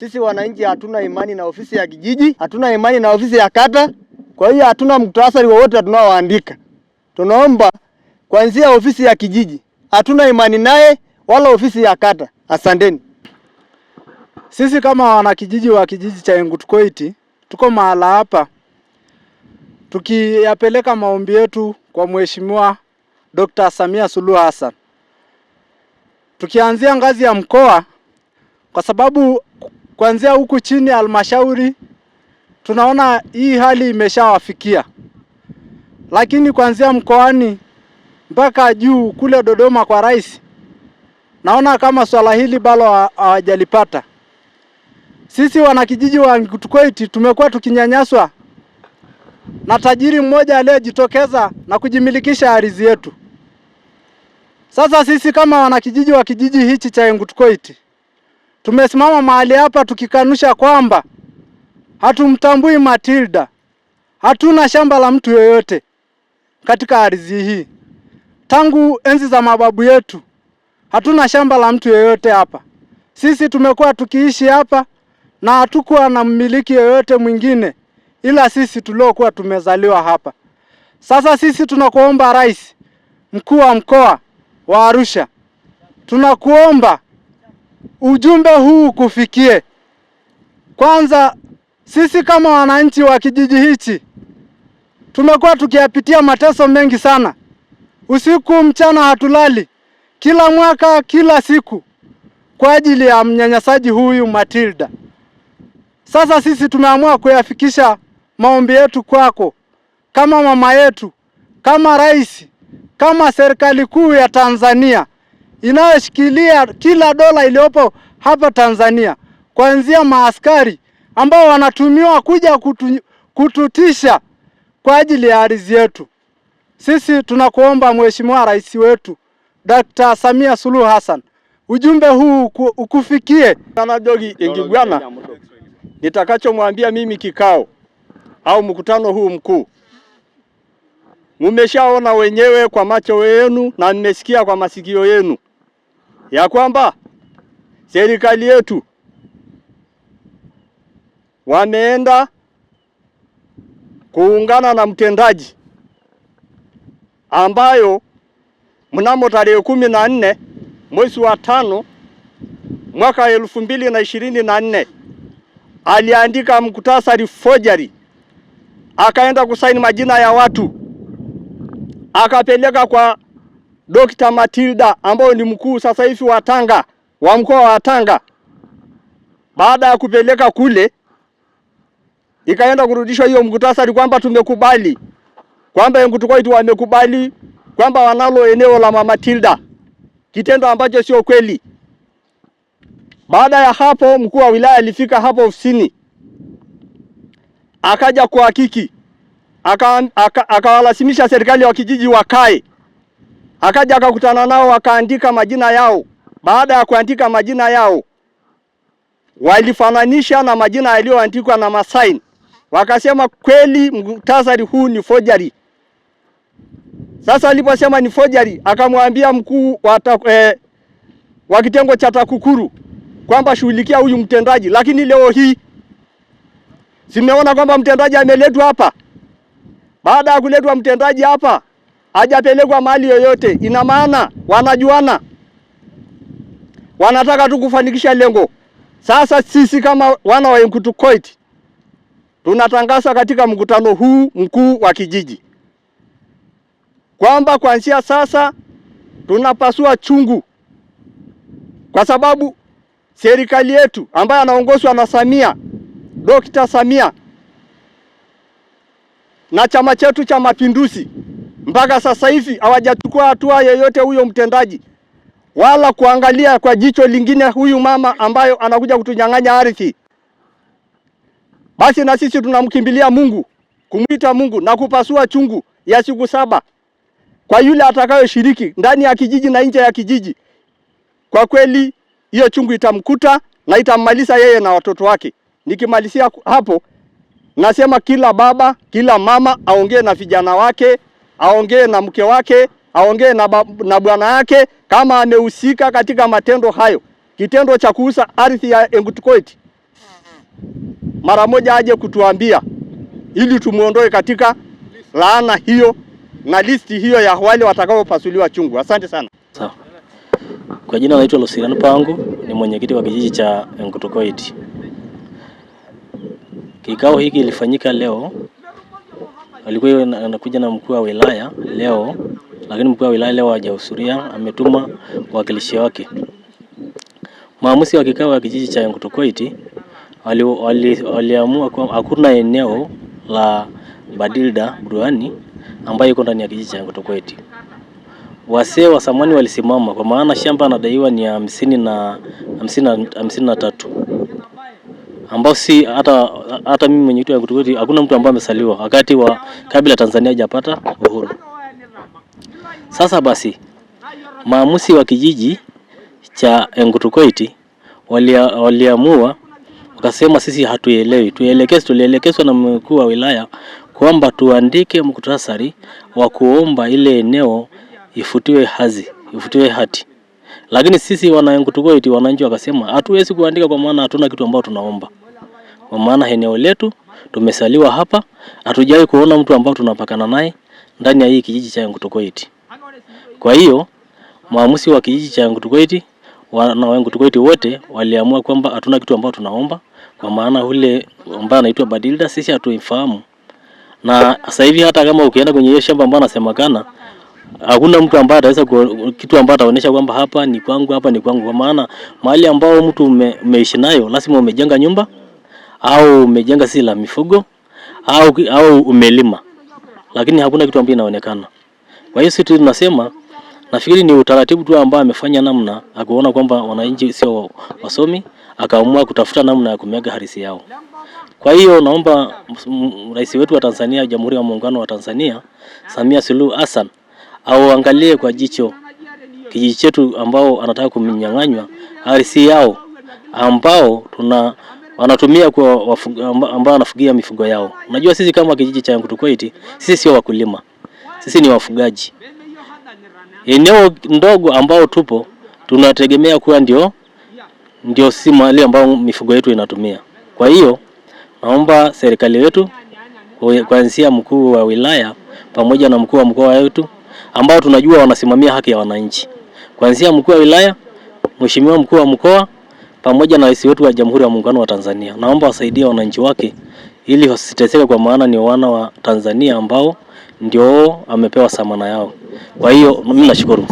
Sisi wananchi hatuna imani na ofisi ya kijiji, hatuna imani na ofisi ya kata. Kwa hiyo hatuna mktasari wowote tunaoandika. Tunaomba kuanzia ofisi ya kijiji, hatuna imani naye wala ofisi ya kata. Asanteni. Sisi kama wanakijiji wa kijiji cha Engutukoiti tuko mahala hapa tukiyapeleka maombi yetu kwa Mheshimiwa Dr. Samia Suluhu Hassan, tukianzia ngazi ya mkoa kwa sababu kuanzia huku chini halmashauri tunaona hii hali imeshawafikia, lakini kuanzia mkoani mpaka juu kule Dodoma kwa rais, naona kama swala hili bado hawajalipata. Sisi wanakijiji wa ngutkoiti tumekuwa tukinyanyaswa na tajiri mmoja aliyejitokeza na kujimilikisha ardhi yetu. Sasa sisi kama wanakijiji wa kijiji hichi cha ngutkoiti Tumesimama mahali hapa tukikanusha kwamba hatumtambui Matilda. Hatuna shamba la mtu yoyote katika ardhi hii. Tangu enzi za mababu yetu hatuna shamba la mtu yoyote hapa. Sisi tumekuwa tukiishi hapa na hatukuwa na mmiliki yoyote mwingine ila sisi tuliokuwa tumezaliwa hapa. Sasa sisi tunakuomba Rais, mkuu wa mkoa wa Arusha, tunakuomba ujumbe huu kufikie. Kwanza sisi kama wananchi wa kijiji hichi tumekuwa tukiyapitia mateso mengi sana, usiku mchana hatulali, kila mwaka, kila siku, kwa ajili ya mnyanyasaji huyu Matilda. Sasa sisi tumeamua kuyafikisha maombi yetu kwako, kama mama yetu, kama rais, kama serikali kuu ya Tanzania inayoshikilia kila dola iliyopo hapa Tanzania, kuanzia maaskari ambao wanatumiwa kuja kutu, kututisha kwa ajili ya ardhi yetu. Sisi tunakuomba Mheshimiwa Rais wetu Dr. Samia Suluhu Hassan, ujumbe huu ukufikie. Sana Jogi Ingigwana, nitakachomwambia mimi kikao au mkutano huu mkuu, mmeshaona wenyewe kwa macho yenu na mmesikia kwa masikio yenu ya kwamba serikali yetu wameenda kuungana na mtendaji ambayo mnamo tarehe kumi na nne mwezi wa tano mwaka elfu mbili na ishirini na nne aliandika mkutasari forgery, akaenda kusaini majina ya watu akapeleka kwa Dr. Matilda ambayo ni mkuu sasa hivi wa Tanga wa mkoa wa Tanga, baada ya kupeleka kule, ikaenda kurudishwa hiyo mkutasari kwamba tumekubali kwamba Engutukoit wamekubali kwamba wanalo eneo la Mama Tilda, kitendo ambacho sio kweli. Baada ya hapo, mkuu wa wilaya alifika hapo ofisini, akaja kuhakiki, akawalazimisha aka serikali wa kijiji wakae Akaja akakutana nao akaandika majina yao. Baada ya kuandika majina yao, walifananisha na majina yaliyoandikwa na Masaini, wakasema kweli muhtasari huu ni forgery. Sasa aliposema ni forgery, akamwambia mkuu wa eh, wa kitengo cha TAKUKURU kwamba shughulikia huyu mtendaji, lakini leo hii simeona kwamba mtendaji ameletwa hapa. Baada ya kuletwa mtendaji hapa hajapelekwa mali yoyote. Ina maana wanajuana, wanataka tu kufanikisha lengo. Sasa sisi kama wana wa Enkutukoit tunatangaza katika mkutano huu mkuu wa kijiji kwamba kuanzia sasa tunapasua chungu, kwa sababu serikali yetu ambayo anaongozwa na Samia, Dokta Samia na chama chetu cha Mapinduzi mpaka sasa hivi hawajachukua hatua yoyote huyo mtendaji, wala kuangalia kwa jicho lingine huyu mama ambayo anakuja kutunyang'anya ardhi. Basi na sisi tunamkimbilia Mungu, kumwita Mungu na kupasua chungu ya siku saba kwa yule atakayoshiriki ndani ya kijiji na nje ya kijiji. Kwa kweli hiyo chungu itamkuta na itammaliza yeye na watoto wake. Nikimalizia hapo, nasema kila baba, kila mama aongee na vijana wake aongee na mke wake, aongee na, na bwana yake kama amehusika katika matendo hayo, kitendo cha kuuza ardhi ya Engutukoit, mara moja aje kutuambia ili tumuondoe katika laana hiyo na listi hiyo ya wale watakaopasuliwa chungu. Asante sana. Sawa. Kwa jina naitwa Lusiliano Pangu, ni mwenyekiti wa kijiji cha Engutukoit. Kikao hiki kilifanyika leo alikuwa anakuja na mkuu wa wilaya leo, lakini mkuu wa wilaya leo hajahudhuria, ametuma wawakilishi wake. Maamuzi wa kikao ya kijiji cha Engutukoit waliamua wali hakuna eneo la Badilda bruani ambayo iko ndani ya kijiji cha Engutukoit. Wasee wa samani walisimama, kwa maana shamba anadaiwa ni hamsini na hamsini na tatu ambao si hata hata mimi mwenye kitu ya kutukuti, hakuna mtu ambaye amesaliwa wakati wa kabla Tanzania hajapata uhuru. Sasa basi maamuzi wa kijiji cha Engutukoiti waliamua wali wakasema, sisi hatuelewi, tuelekeze. tulielekezwa na mkuu wa wilaya kwamba tuandike muktasari wa kuomba ile eneo ifutiwe hazi ifutiwe hati lakini sisi wanangu Tugoiti, wananchi wakasema hatuwezi kuandika kwa maana hatuna kitu ambacho tunaomba, kwa maana eneo letu tumesaliwa hapa, hatujawahi kuona mtu ambao tunapakana naye ndani ya hii kijiji cha Yangutugoiti. Kwa hiyo maamuzi wa kijiji cha Yangutugoiti wana Yangutugoiti wote waliamua kwamba hatuna kitu ambacho tunaomba, kwa maana ule ambaye anaitwa Badilda sisi hatuifahamu, na sasa hivi hata kama ukienda kwenye hiyo shamba ambayo anasemekana Hakuna mtu ambaye ataweza kitu ambaye ataonyesha kwamba hapa ni kwangu, hapa ni kwangu, kwa maana mahali ambao mtu umeishi ume nayo lazima umejenga nyumba au umejenga si la mifugo au, au umelima, lakini hakuna kitu ambacho inaonekana. Kwa hiyo sisi tunasema nafikiri ni utaratibu tu ambao amefanya namna akuona kwamba wananchi sio wasomi, akaamua kutafuta namna ya kumega harisi yao. Kwa hiyo naomba rais wetu wa Tanzania, Jamhuri ya Muungano wa Tanzania, Samia Suluhu Hassan auangalie kwa jicho kijiji chetu ambao anataka kunyang'anywa ardhi yao ambao tuna wanatumia kwa wafuga, ambao wanafugia mifugo yao. Unajua sisi kama kijiji cha Nkutukoiti, sisi sio wakulima, sisi ni wafugaji. Eneo ndogo ambao tupo tunategemea kuwa ndio ndio sisi mahali ambao mifugo yetu inatumia. Kwa hiyo naomba serikali yetu kuanzia mkuu wa wilaya pamoja na mkuu wa mkoa wetu ambao tunajua wanasimamia haki ya wananchi, kuanzia mkuu wa wilaya, mheshimiwa mkuu wa mkoa pamoja na rais wetu wa Jamhuri ya Muungano wa Tanzania. Naomba wasaidie wananchi wake ili wasiteseke, kwa maana ni wana wa Tanzania ambao ndio amepewa samana yao. Kwa hiyo mimi nashukuru.